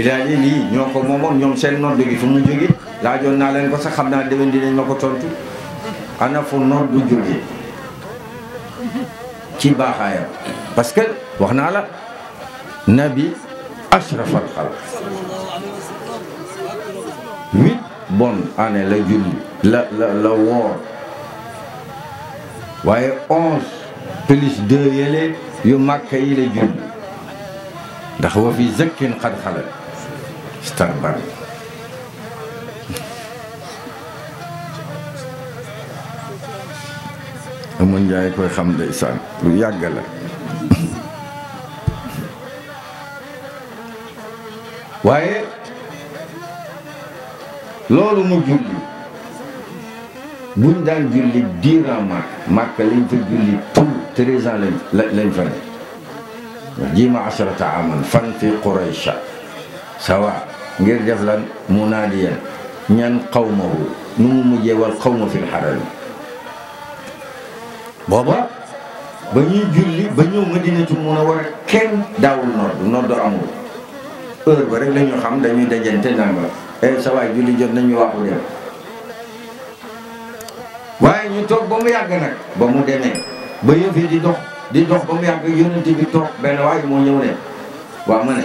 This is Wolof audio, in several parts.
village lii ñoo ko moomoon ñoom seen nodd gi fu mu jóge laajoon naa leen ko sax xam naa déwén dinañ ma ko tontu ana fu nodd bu jóge ci baaxaayam parce que wax naa la nabi ashraf al xalq huit bonne année la julli la la la woor waaye onze plus deux yële yu màkk yi la julli ndax wa fi zakkin xad xalat Starbucks lu yàgg la waaye loolu mu julli buñ daan julli diiran màkk màkk lañ julli pour treize ans lañ lañ fa ne aman fan fi sawa ngir def la mu naadiyan ñan xawmahu nu mu mujjee wal xawma fil xarami booba ba ñuy julli ba ñëw madinatu munawwara kenn daawul nodd nodd amul heure ba rek lañu xam dañuy dajante nanga eh sa julli jot nañu waxu dem waaye ñu toog ba mu yàgg nag ba mu demee ba yëf di dox di dox ba mu yàgg yónnent bi benn waay moo ñëw ne waaw ma ne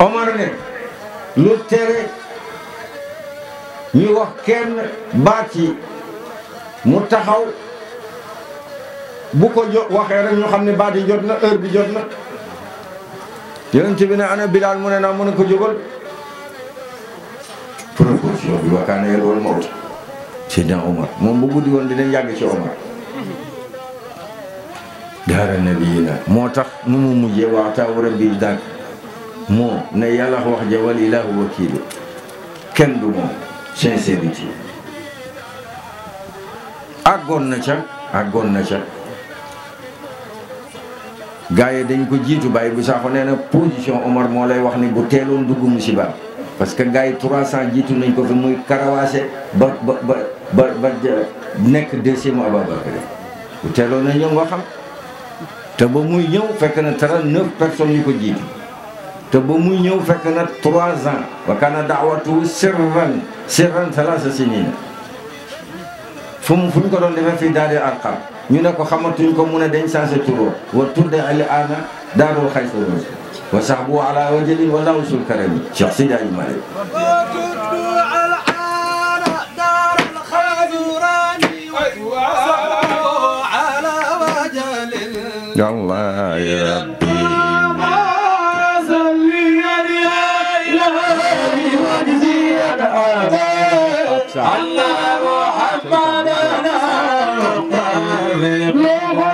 Omar ne lu tere ñu wax kenn baat yi mu taxaw bu ko jo waxee rek ñu xam ne baat yi jot na heure bi jot na yonent bi ne ana Bilaal mu ne naa mën a ko jógal précaution bi wakaana yel wala mawt Seydina Omar moom bu guddi woon dinañ yàgg ci Omar daara nabiyina moo tax nu mu mujjee waxtaa war a mbii dànk moo ne yàlla wax ja wal ilaahu wakiilu kenn du moom sincérité àggoon na ca àggoon na ca gaa yi dañ ko jiitu bàyyi bu saako nee na position Omar moo lay wax ni bu teeloon dugg musiba parce que gaa yi 300 jiitu nañ ko fi muy karawaase ba ba ba ba ba nekk deuxième Ababacar bu teeloon na ñoom waxam te ba muy ñëw fekk na 39 personnes yu ko jiitu. te ba muy ñëw fekk na trois ans wa kana daawatu sirran sirran salaasa fu mu fu ñu ko doon defee fi daal di ñu ne ko xamatuñ ko mu ne dañ changé turoo wa tudde ali ana daarul xaysaroon wa sahbu ala wajalin wa lawsul karami cheikh sidi ali malik Allah ya Rabbi Allah Muhammad Allah Allah Allah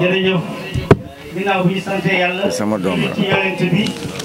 jërëjëf ginnaaw bi ñu sant yàlla. sama doom la ci yonent bi.